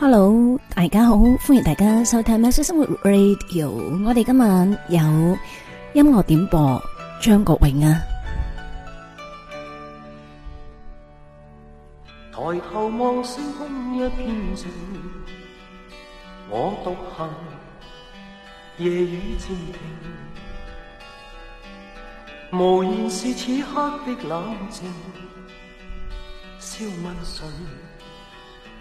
Hello，大家好，歡迎大家收看《喵式生活 Radio》。我哋今晚有音樂點播，張國榮啊。抬頭望星空一片靜，我獨行，夜雨漸停，無言是此刻的冷靜，笑問誰？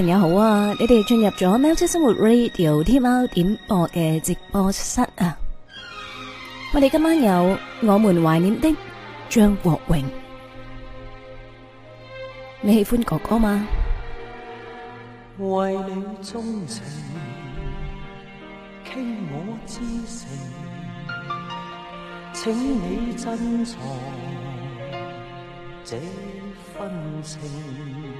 朋友好啊！你哋進入咗喵式生活 radio 天喵點播嘅直播室啊！我哋今晚有我們懷念的張國榮，你喜歡哥哥嗎？為你鍾情傾我至誠，請你珍藏這份情。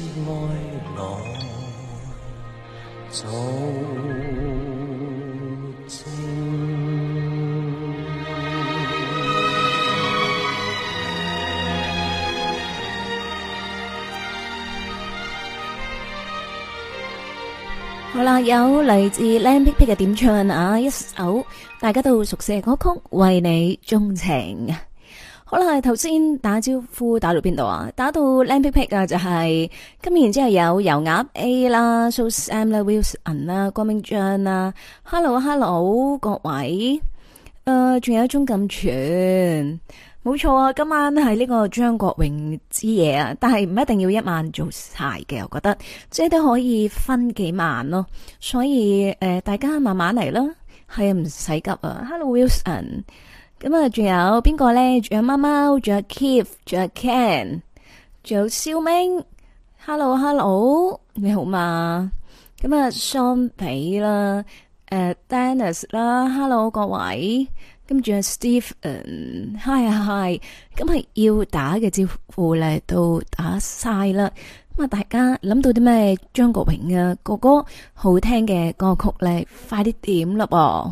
好啦，有嚟自靚 pick pick 嘅點唱啊，一首大家都熟悉嘅歌曲《為你鍾情》。好啦，頭先打招呼打到邊度啊？打到靚皮皮啊，就係今年之後有油鴨 A、啊、啦、Sous a M 啦、Wilson 啦、郭、啊啊、明章啦，Hello Hello 各位，誒、啊，仲有一鐘咁全，冇錯啊！今晚係呢個張國榮之夜啊，但係唔一定要一晚做晒嘅，我覺得即係都可以分幾晚咯。所以誒、呃，大家慢慢嚟啦，係啊，唔使急啊！Hello Wilson。咁啊，仲有邊個咧？仲有貓貓，仲有 Keith，仲有 Ken，仲有肖明。Hello，Hello，你好嘛？咁啊，Sean 皮啦、呃，誒，Dennis 啦，Hello 各位，跟住 Steve，誒，Hi，Hi，啊咁啊，Hi, Hi 要打嘅招呼咧都打晒啦。咁啊，大家諗到啲咩張國榮嘅哥哥好聽嘅歌曲咧，快啲點啦噃！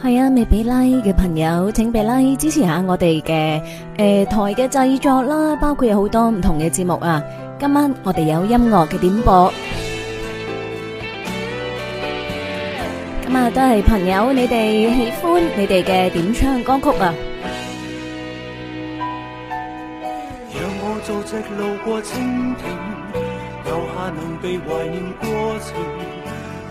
係啊，未俾拉嘅朋友，請俾拉、like、支持下我哋嘅誒台嘅製作啦，包括有好多唔同嘅節目啊。今晚我哋有音樂嘅點播，咁啊 都係朋友，你哋喜歡你哋嘅點唱歌曲啊。讓我做隻路過蜻蜓，留下能被懷念過程。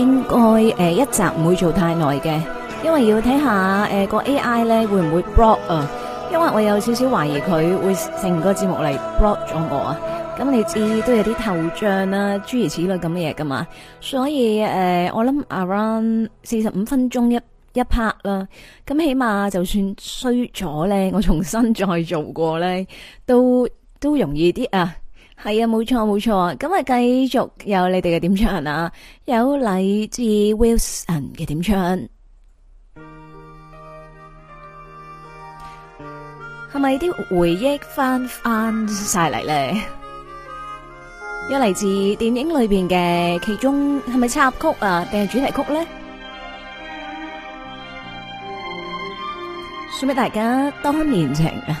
應該誒、呃、一集唔會做太耐嘅，因為要睇下誒、呃那個 AI 咧，會唔會 block 啊？因為我有少少懷疑佢會成個節目嚟 block 咗我啊。咁你知都有啲頭像啦、啊，諸如此類咁嘅嘢噶嘛。所以誒、呃，我諗 around 四十五分鐘一一 part 啦。咁起碼就算衰咗咧，我重新再做過咧，都都容易啲啊。係啊，冇錯冇錯啊！今日繼續有你哋嘅點唱啊，有嚟自 Wilson 嘅點唱，係咪啲回憶翻翻晒嚟咧？有嚟自電影裏邊嘅其中係咪插曲啊，定係主題曲咧？送俾大家當年情啊！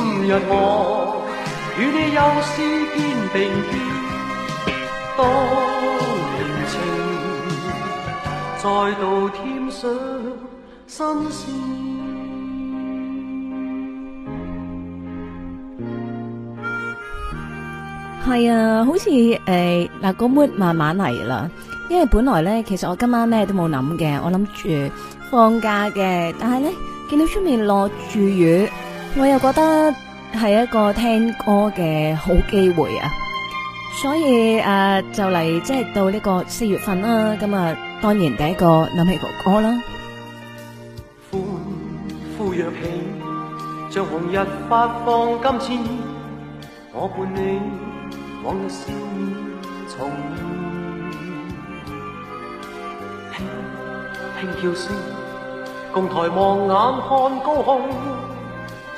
係啊，好似誒，嗱、欸那個 mood 慢慢嚟啦。因為本來咧，其實我今晚咩都冇諗嘅，我諗住放假嘅，但係咧，見到出面落住雨。我又覺得係一個聽歌嘅好機會啊，所以誒就嚟即係到呢個四月份啦，今日當然第一個諗起哥哥啦。歡呼若慶，將紅日發放金錢，我伴你往日笑面重現，輕輕叫聲，共抬望眼看高空。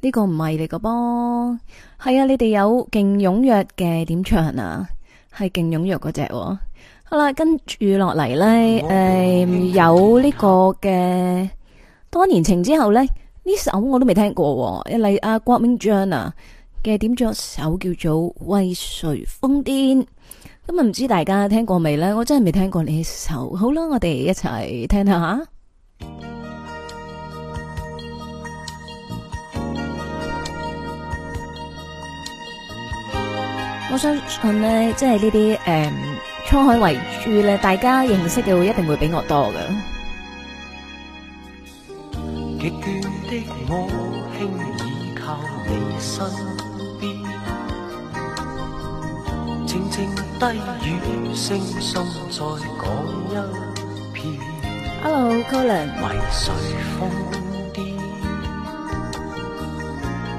呢、這個唔係你個噃，係啊！你哋有勁踴躍嘅點唱啊？係勁踴躍嗰隻，好啦，跟住落嚟呢，誒、嗯嗯嗯，有呢個嘅當、嗯、年情之後呢，呢首我都未聽過、啊，一嚟阿郭銘俊啊嘅點咗首叫做為誰瘋癲，咁啊唔知道大家聽過未呢？我真係未聽過呢首，好啦，我哋一齊聽聽下。我相信呢，即係呢啲誒，滄、嗯、海遺珠咧，大家認識嘅會一定會比我多嘅。極端的我輕倚靠你身邊，靜靜低語聲聲再講一遍。Hello，Colin 為誰風？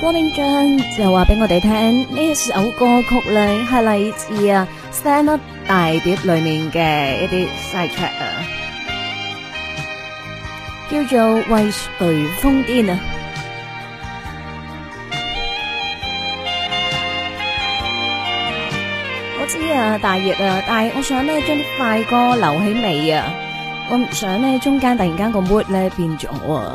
郭銘章就話俾我哋聽呢一首歌曲咧係嚟自啊《Stand Up》大碟裏面嘅一啲 side track 啊，叫做《為誰瘋癲》啊。我知啊，大熱啊，但係我想咧將啲快歌留起尾啊，我唔想咧中間突然間個 mood 咧變咗。啊。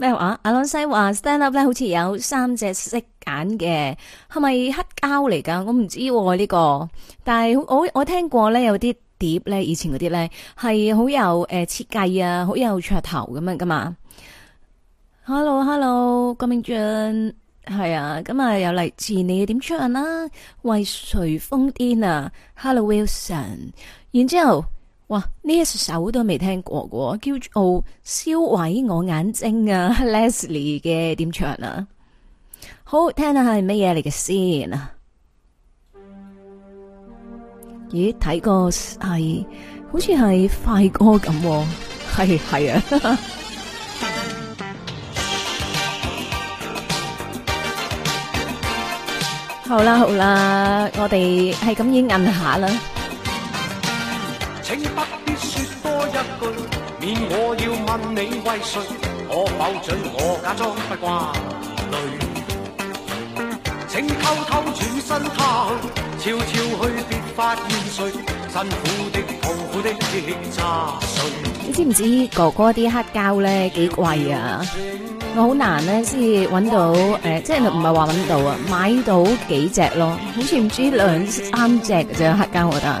咩話、啊？阿朗西話 stand up 咧，好似有三隻色眼嘅，係咪黑膠嚟噶？我唔知呢、啊這個，但係我我聽過咧，有啲碟咧，以前嗰啲咧係好有誒設計啊，好有噱頭咁樣噶嘛。Hello，Hello，hello, 郭明俊係啊，咁啊又嚟自你點唱啦？為誰瘋癲啊？Hello，Wilson，然之後哇！呢一首都未聽過喎，叫做《燒毀我眼睛啊》啊 ，Leslie 嘅點唱啊？好，聽一下係乜嘢嚟嘅先啊？咦，睇個係好似係快歌咁，啊，係係啊哈哈！ 好啦好啦，我哋係咁樣按一下啦。請不必說多一句，免我要問你為誰？可否准我假裝不掛淚？請偷偷轉身他去，悄悄去別發現誰？辛苦的痛苦的擦碎。你知唔知道哥哥啲黑膠咧幾貴啊？我好難呢，先至搵到，誒、呃，即係唔係話搵到啊？買到幾隻咯？好似唔知兩三隻嘅啫，黑膠我覺得。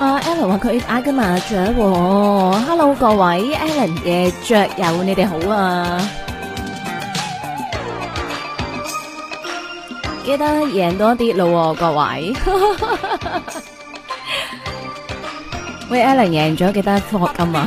阿 Alan 話佢阿哥麻雀，Hello 各位，Alan 嘅雀友你哋好啊，記得贏多啲路，各位，喂，Alan 贏咗幾多課金啊？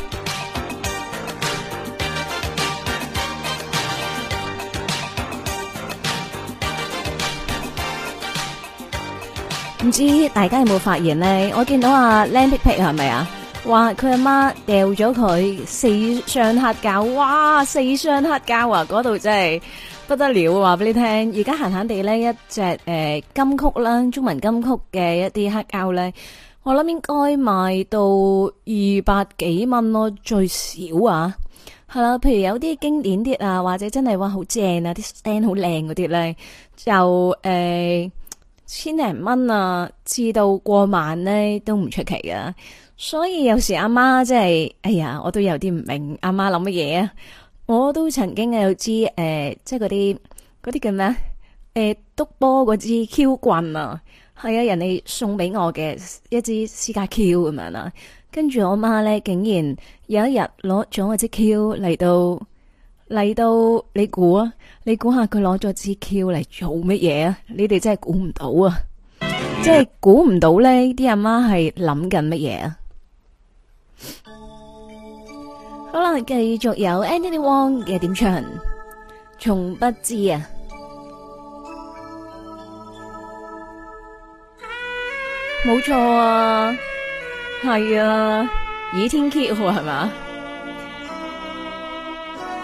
唔知大家有冇發現咧？我見到阿靚皮皮係咪啊？話佢阿媽掉咗佢四雙黑膠，哇！四雙黑膠啊，嗰度真係不得了啊！話俾你聽，而家閒閒地咧，一隻誒金曲啦，中文金曲嘅一啲黑膠咧，我諗應該賣到二百幾蚊咯，最少啊。係啦，譬如有啲經典啲啊，或者真係話好正啊，啲 stand 好靚嗰啲咧，就誒。千零蚊啊，至到過萬咧都唔出奇㗎。所以有時阿媽即係，哎呀，我都有啲唔明阿媽諗乜嘢啊！我都曾經有支誒、呃，即係嗰啲嗰啲叫咩啊？誒，篤、呃、波嗰支 Q 棍啊，係啊，人哋送俾我嘅一支私家 Q 咁樣啦。跟住我媽咧，竟然有一日攞咗我支 Q 嚟到。嚟到你估啊，你估下佢攞咗支 Q 嚟做乜嘢啊？你哋真係估唔到啊！ 即係估唔到咧，啲阿媽係諗緊乜嘢啊？好啦，繼續有 Andy Wong 嘅點唱，從不知啊，冇錯啊，係啊，倚天 Q 係嘛？是吧。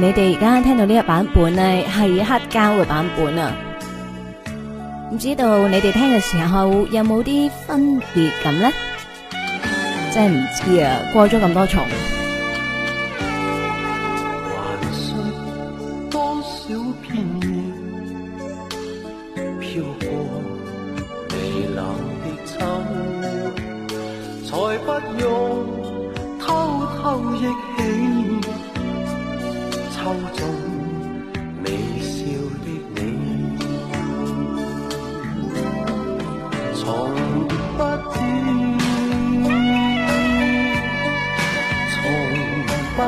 你哋而家聽到呢個版本咧，係黑膠嘅版本啊，唔、啊、知道你哋聽嘅時候有冇啲分別感咧？真係唔知啊，過咗咁多重。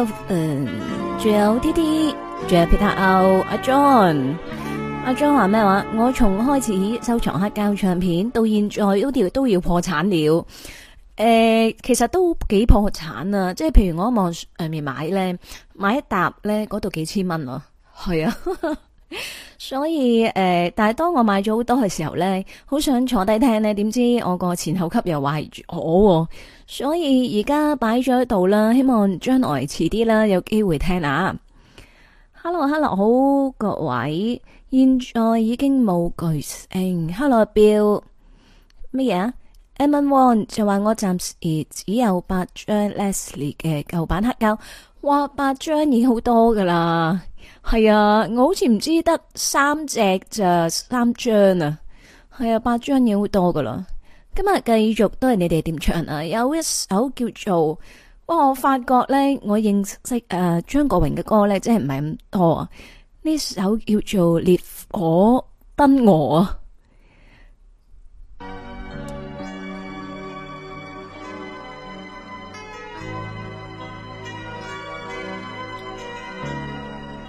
誒，仲 有 T T，仲有 Peter O，阿 John，阿 John 話咩話？我從開始收藏黑膠唱片到現在都，都要都要破產了。誒、呃，其實都幾破產啊！即係譬如我喺網上面買咧，買一沓咧，嗰度幾千蚊啊。係啊。 所以誒，但係當我買咗好多嘅時候呢，好想坐低聽呢。點知我個前後級又壞咗我，所以而家擺咗喺度啦。希望將來遲啲啦，有機會聽下。Hello，Hello，Hello, 好各位，現在已經冇巨星。Hello，Bill，乜嘢？M o n won 就話我暫時只有八張 Leslie 嘅舊版黑膠，哇，八張已經好多噶啦。係啊，我好似唔知得三隻就三張啊，係啊，八張嘢好多噶啦。今日繼續都係你哋點唱啊，有一首叫做，哇，我發覺咧，我認識誒張國榮嘅歌咧，真係唔係咁多啊。呢首叫做《烈火燈蛾》啊。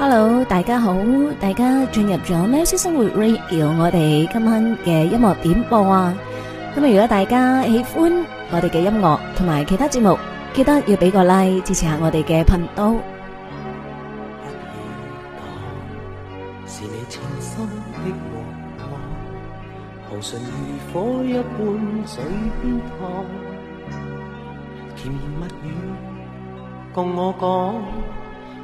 Hello，大家好，大家進入咗《喵式生活 Radio》，我哋今晚嘅音樂點播啊！咁啊，如果大家喜歡我哋嘅音樂同埋其他節目，記得要俾個 like 支持下我哋嘅頻道。啊啊啊啊啊啊啊啊。是你情深的凝望，紅唇如火一般嘴邊燙，甜言蜜語共我講。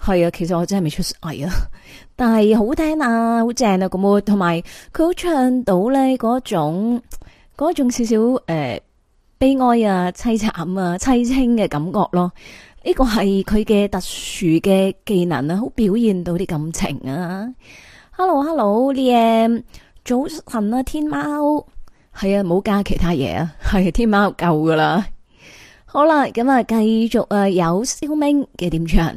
係啊，其實我真係未出世啊，但係好聽啊，好正啊，咁啊同埋佢好唱到咧嗰種嗰種少少誒、呃、悲哀啊、淒慘啊、淒清嘅感覺咯。呢個係佢嘅特殊嘅技能啊，好表現到啲感情啊。Hello，Hello，你哋早晨啊，天喵係啊，冇加其他嘢啊，係天喵夠噶啦。好啦，咁啊，繼續啊，有蕭明嘅點唱。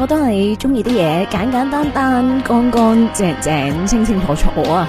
我都係鍾意啲嘢簡簡單單，單、乾乾淨淨、清清楚楚啊！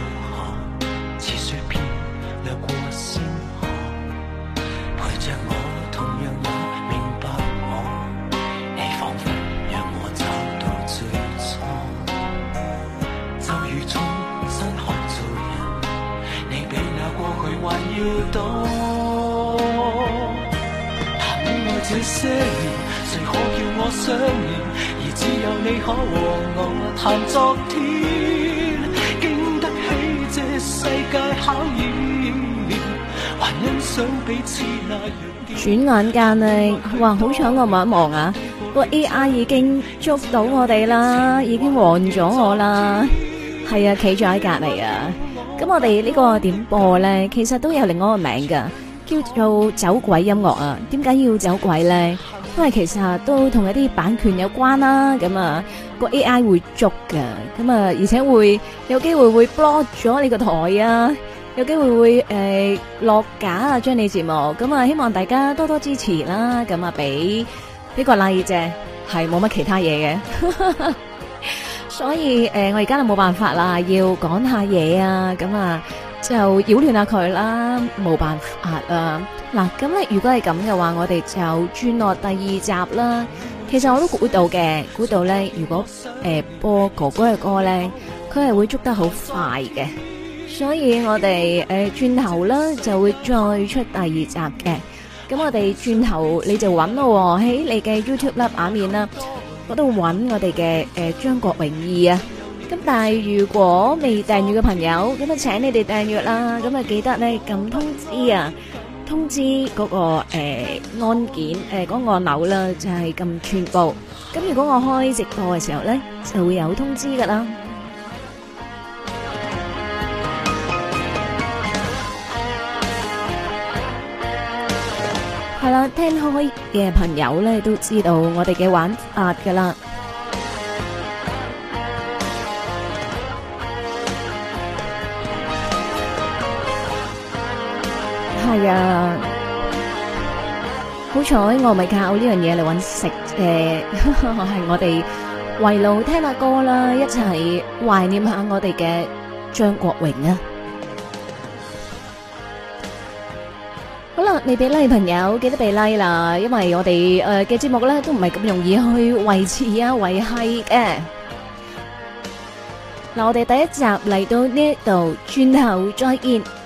轉眼間呢，哇！好彩我望一望啊，個 AR 已經捉到我哋啦，已經望咗我啦。係啊，企咗喺隔籬啊。咁我哋呢個點播咧，其實都有另外一個名噶，叫做走鬼音樂啊。點解要走鬼咧？因為其實都同一啲版權有關啦，咁、那、啊個 AI 會捉嘅，咁啊而且會有機會會 block 咗你個台啊，有機會會誒、呃、落架啊，將你節目，咁啊希望大家多多支持那給、like 呃啊、那啦，咁啊俾呢個 like 啫，係冇乜其他嘢嘅，所以誒我而家就冇辦法啦，要講下嘢啊，咁啊就擾亂下佢啦，冇辦法啊。嗱，咁咧如果係咁嘅話，我哋就轉落第二集啦。其實我都估到嘅，估到咧，如果誒播哥哥嘅歌咧，佢係會捉得好快嘅。所以我哋誒轉頭啦，就會再出第二集嘅。咁我哋轉頭你就揾咯喎，喺你嘅 YouTube 版面啦，嗰度揾我哋嘅誒張國榮二啊。咁但係如果未訂閱嘅朋友，咁啊請你哋訂閱啦。咁啊記得咧撳通知啊。通知嗰個誒按鍵誒嗰個鈕啦，就係撳全部。咁如果我開直播嘅時候咧，就會有通知噶啦。係啦，聽開嘅朋友咧都知道我哋嘅玩法噶啦。係啊，好彩我咪靠呢樣嘢嚟揾食誒，係我哋圍爐聽下歌啦，一齊懷念下我哋嘅張國榮啊！好啦，你俾 like 朋友記得俾 like 啦，因為我哋誒嘅節目咧都唔係咁容易去維持啊維繫嘅。嗱，我哋第一集嚟到呢度，轉頭再見。